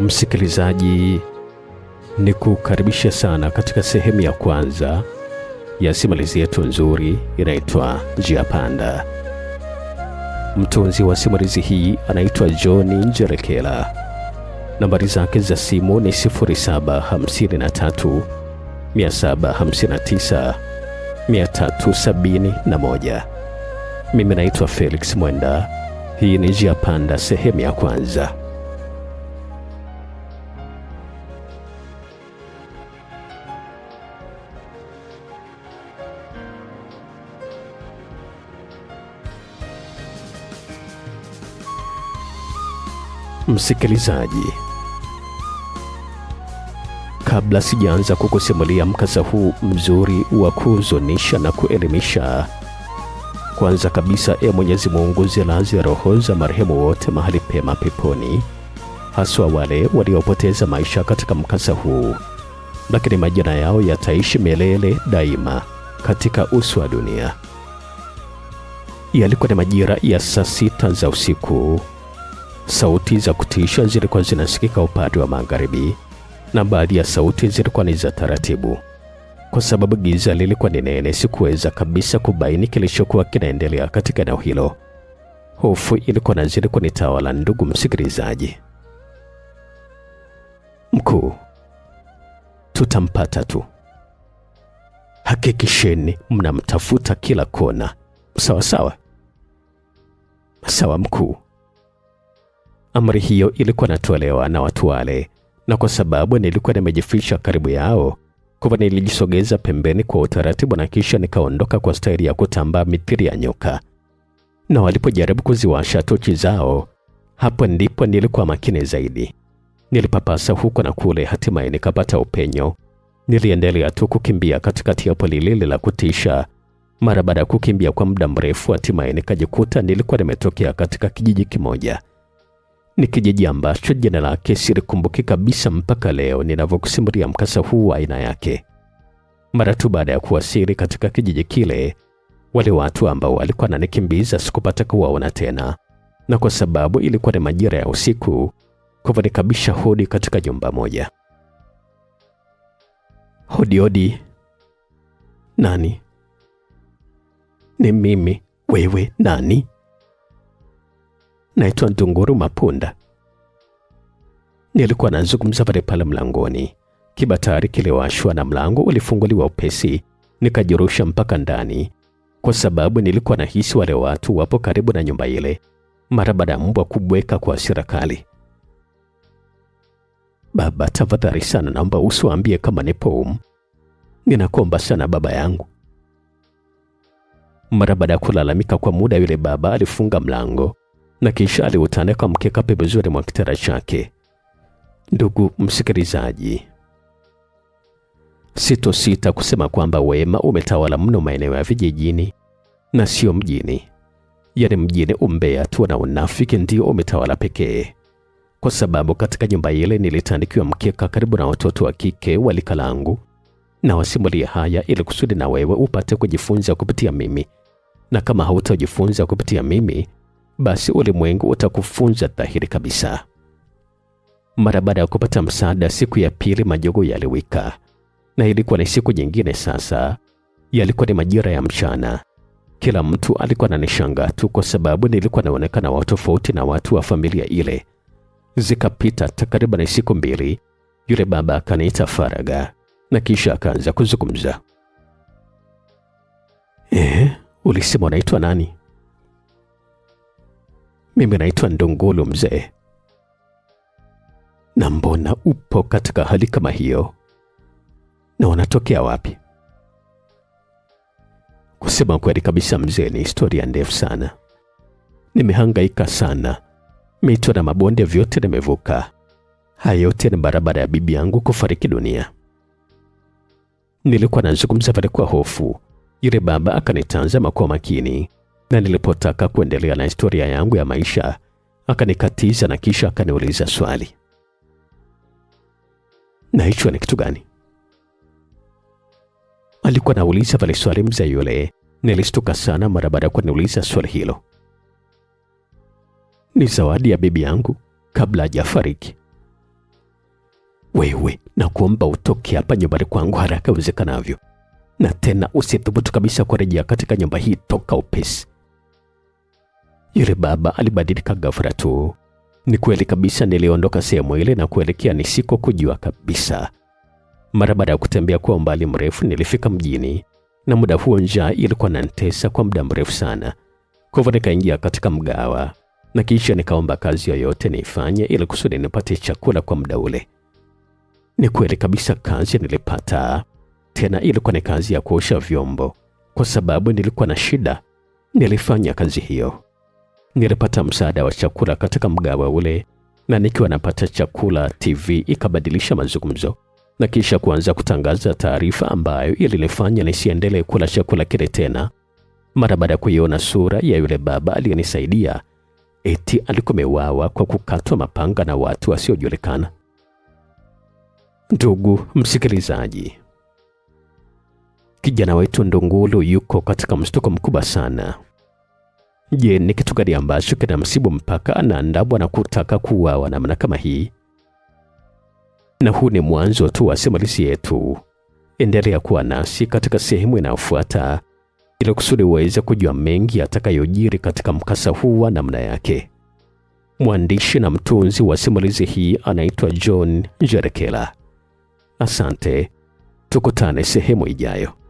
Msikilizaji, ni kukaribisha sana katika sehemu ya kwanza ya simulizi yetu nzuri inaitwa Njia Panda. Mtunzi wa simulizi hii anaitwa John Njerekela. Nambari zake za simu ni 0753 Mimi naitwa Felix Mwenda. Hii ni Njia Panda sehemu ya kwanza. Msikilizaji, kabla sijaanza kukusimulia mkasa huu mzuri wa kuhuzunisha na kuelimisha, kwanza kabisa, e Mwenyezi Mungu, zilaze roho za marehemu wote mahali pema peponi, haswa wale waliopoteza maisha katika mkasa huu, lakini majina yao yataishi milele daima katika uso wa dunia. Yalikuwa ni majira ya saa sita za usiku Sauti za kutisha zilikuwa zinasikika upande wa magharibi, na baadhi ya sauti zilikuwa ni za taratibu. Kwa sababu giza lilikuwa ni nene, sikuweza kabisa kubaini kilichokuwa kinaendelea katika eneo hilo. Hofu ilikuwa nazidi kunitawala, ndugu msikilizaji. Mkuu, tutampata tu. Hakikisheni mnamtafuta kila kona, sawa sawa? Sawa mkuu. Amri hiyo ilikuwa natolewa na watu wale, na kwa sababu nilikuwa nimejificha karibu yao, kwa nilijisogeza pembeni kwa utaratibu na kisha nikaondoka kwa staili ya kutambaa mithili ya nyoka. Na walipojaribu kuziwasha tochi zao, hapo ndipo nilikuwa makini zaidi. Nilipapasa huko na kule, hatimaye nikapata upenyo. Niliendelea tu kukimbia katikati ya pori lile la kutisha. Mara baada ya kukimbia kwa muda mrefu, hatimaye nikajikuta nilikuwa nimetokea katika kijiji kimoja. Ni kijiji ambacho jina lake silikumbuki kabisa mpaka leo ninavyokusimulia mkasa huu wa aina yake. Mara tu baada ya kuwasili katika kijiji kile, wale watu ambao walikuwa wananikimbiza sikupata kuwaona tena, na kwa sababu ilikuwa ni majira ya usiku, kwa hivyo hodi katika nyumba moja. Hodi hodi. Nani? Ni mimi. Wewe nani? naitwa Ndunguru Mapunda. Nilikuwa nazungumza pale pale mlangoni, kibatari kiliwashwa na mlango ulifunguliwa upesi, nikajirusha mpaka ndani, kwa sababu nilikuwa nahisi wale watu wapo karibu na nyumba ile, mara baada ya mbwa kubweka kwa hasira kali. Baba, tafadhali sana, naomba usiwaambie kama nipo humu, ninakuomba sana baba yangu. Mara baada ya kulalamika kwa muda, yule baba alifunga mlango na kisha aliutandika mkeka pembezoni mwa kitanda chake. Ndugu msikilizaji, sitosita kusema kwamba wema umetawala mno maeneo ya vijijini na sio mjini. Yaani mjini umbea tu na unafiki ndio umetawala pekee, kwa sababu katika nyumba ile nilitandikiwa mkeka karibu na watoto wa kike walikalangu na wasimulia haya ili kusudi na wewe upate kujifunza kupitia mimi, na kama hautajifunza kupitia mimi basi ulimwengu utakufunza dhahiri kabisa. Mara baada ya kupata msaada, siku ya pili majogo yaliwika, na ilikuwa ni siku nyingine sasa. Yalikuwa ni majira ya mchana. Kila mtu alikuwa ananishangaa tu kwa sababu nilikuwa naonekana wa tofauti na watu wa familia ile. Zikapita takriban siku mbili, yule baba akaniita faraga, na kisha akaanza kuzungumza. Eh, ulisema unaitwa nani? Mimi naitwa Ndungulu mzee. Na mbona upo katika hali kama hiyo? Na wanatokea wapi? Kusema kweli kabisa mzee, ni historia ndefu sana. Nimehangaika sana, mito na mabonde vyote nimevuka. Haya yote ni barabara ya bibi yangu kufariki dunia. Nilikuwa nazungumza pale kwa hofu, yule baba akanitazama kwa makini, na nilipotaka kuendelea na historia yangu ya maisha akanikatiza na kisha akaniuliza swali, na hicho ni kitu gani? Alikuwa anauliza pale swali mzee yule. Nilistuka sana mara baada ya kuniuliza swali hilo. Ni zawadi ya bibi yangu kabla hajafariki. Wewe nakuomba utoke hapa nyumbani kwangu haraka iwezekanavyo, na tena usithubutu kabisa kurejea katika nyumba hii, toka upesi. Yule baba alibadilika ghafla tu. Ni kweli kabisa, niliondoka sehemu ile na kuelekea nisiko kujua kabisa. Mara baada ya kutembea kwa umbali mrefu, nilifika mjini, na muda huo njaa ilikuwa inanitesa kwa muda mrefu sana. Kwa hivyo nikaingia katika mgawa na kisha nikaomba kazi yoyote niifanye ili kusudi nipate chakula kwa muda ule. Ni kweli kabisa, kazi nilipata. Tena ilikuwa ni kazi ya kuosha vyombo, kwa sababu nilikuwa na shida. Nilifanya kazi hiyo nilipata msaada wa chakula katika mgawa ule, na nikiwa napata chakula, TV ikabadilisha mazungumzo na kisha kuanza kutangaza taarifa ambayo ilinifanya nisiendelee kula chakula kile tena, mara baada ya kuiona sura ya yule baba aliyenisaidia eti alikuwa kwa kukatwa mapanga na watu wasiojulikana. Ndugu msikilizaji, kijana wetu Ndungulu yuko katika mshtuko mkubwa sana Je, ni kitu gani ambacho msibu mpaka anaandamwa na kutaka kuuawa namna kama hii? Na huu ni mwanzo tu wa simulizi yetu. Endelea kuwa nasi katika sehemu inayofuata ili kusudi uweze kujua mengi atakayojiri katika mkasa huu wa namna yake. Mwandishi na mtunzi wa simulizi hii anaitwa John Njerekela. Asante, tukutane sehemu ijayo.